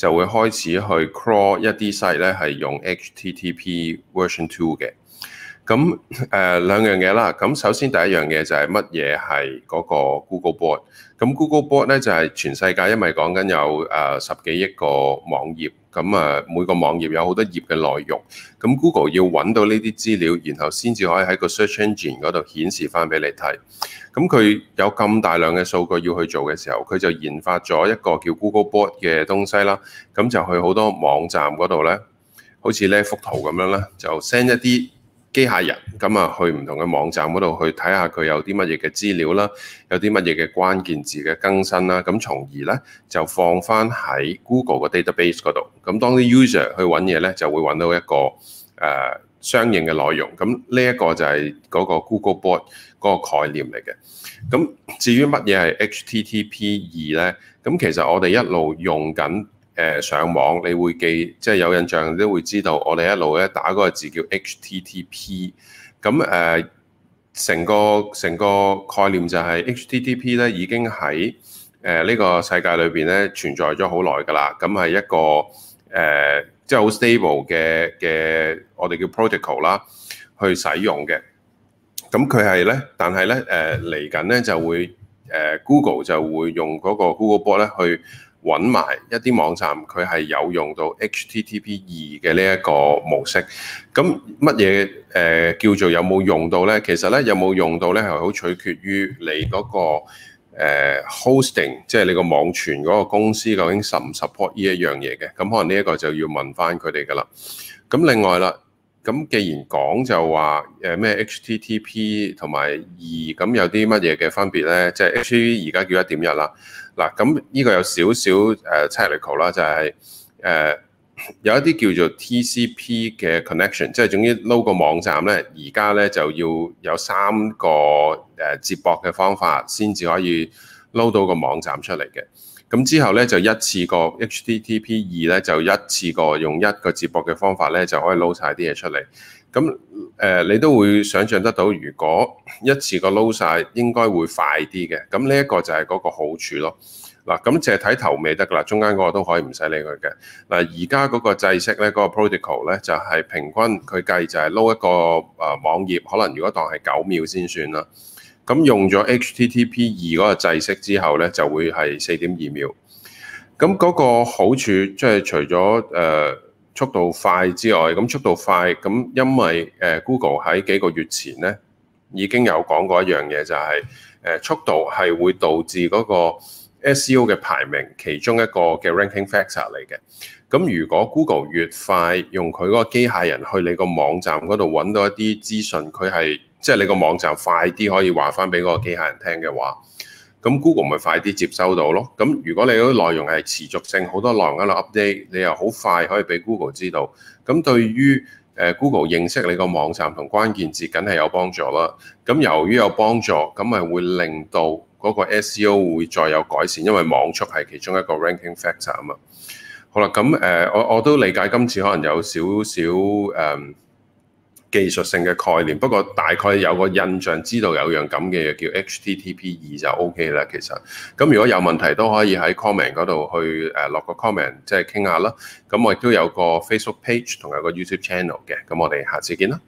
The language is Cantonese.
就會開始去 crawl 一啲 site 咧，係用 HTTP version two 嘅。咁誒兩樣嘢啦。咁首先第一樣嘢就係乜嘢係個 Google Bot。咁 Google Bot 咧就係、是、全世界，因為講緊有誒十幾億個網頁。咁啊，每個網頁有好多頁嘅內容，咁 Google 要揾到呢啲資料，然後先至可以喺個 search engine 嗰度顯示翻俾你睇。咁佢有咁大量嘅數據要去做嘅時候，佢就研發咗一個叫 Googlebot 嘅東西啦。咁就去好多網站嗰度呢，好似呢幅圖咁樣咧，就 send 一啲。機械人咁啊，去唔同嘅網站嗰度去睇下佢有啲乜嘢嘅資料啦，有啲乜嘢嘅關鍵字嘅更新啦，咁從而呢，就放翻喺 Google 嘅 database 嗰度。咁當啲 user 去揾嘢呢，就會揾到一個誒、呃、相應嘅內容。咁呢一個就係嗰個 Googlebot a 嗰個概念嚟嘅。咁至於乜嘢係 HTTP 二呢？咁其實我哋一路用緊。誒上網，你會記即係有印象，你都會知道我哋一路咧打嗰個字叫 HTTP。咁、呃、誒，成個成個概念就係 HTTP 咧已經喺誒呢個世界裏邊咧存在咗好耐㗎啦。咁係一個誒、呃，即係好 stable 嘅嘅，我哋叫 protocol 啦，去使用嘅。咁佢係咧，但係咧誒嚟緊咧就會誒、呃、Google 就會用嗰個 Googlebot 咧去。揾埋一啲網站，佢係有用到 HTTP 二嘅呢一個模式。咁乜嘢誒叫做有冇用到咧？其實咧有冇用到咧係好取決於你嗰、嗰個、uh, hosting，即係你個網傳嗰個公司究竟 support 唔 support 呢一樣嘢嘅。咁可能呢一個就要問翻佢哋㗎啦。咁另外啦，咁既然講就話誒咩 HTTP 同埋二，咁有啲乜嘢嘅分別咧？即、就、係、係、HTTP 而家叫一點一啦。嗱，咁呢個有少少誒 technical 啦，就係誒有一啲叫做 TCP 嘅 connection，即係總之撈個網站咧，而家咧就要有三個誒接駁嘅方法先至可以撈到個網站出嚟嘅。咁之後咧就一次過 HTTP 2咧就一次過用一個接駁嘅方法咧就可以撈晒啲嘢出嚟。咁誒，你都會想象得到，如果一次個 load 曬，應該會快啲嘅。咁呢一個就係嗰個好處咯。嗱，咁凈係睇頭尾得㗎啦，中間嗰個都可以唔使理佢嘅。嗱，而家嗰個制式咧，嗰個 protocol 咧，就係平均佢計就係 load 一個誒網頁，可能如果當係九秒先算啦。咁用咗 HTTP 二嗰個制式之後咧，就會係四點二秒。咁嗰個好處即係除咗誒，呃速度快之外，咁速度快咁，因為誒 Google 喺幾個月前咧已經有講過一樣嘢，就係、是、誒速度係會導致嗰個 SEO 嘅排名其中一個嘅 ranking factor 嚟嘅，咁如果 Google 越快用佢嗰個機械人去你個網站嗰度搵到一啲資訊，佢係即係你個網站快啲可以話翻俾嗰個機械人聽嘅話。咁 Google 咪快啲接收到咯。咁如果你嗰啲內容係持續性，好多內容喺度 update，你又好快可以俾 Google 知道。咁對於誒 Google 認識你個網站同關鍵字，梗係有幫助啦。咁由於有幫助，咁咪會令到嗰個 SEO 會再有改善，因為網速係其中一個 ranking factor 啊嘛。好啦，咁誒，uh, 我我都理解今次可能有少少誒。Um, 技術性嘅概念，不過大概有個印象，知道有樣咁嘅嘢叫 HTTP 二就 OK 啦。其實，咁如果有問題都可以喺 comment 嗰度去誒落個 comment，即係傾下啦。咁我亦都有個 Facebook page 同有個 YouTube channel 嘅。咁我哋下次見啦。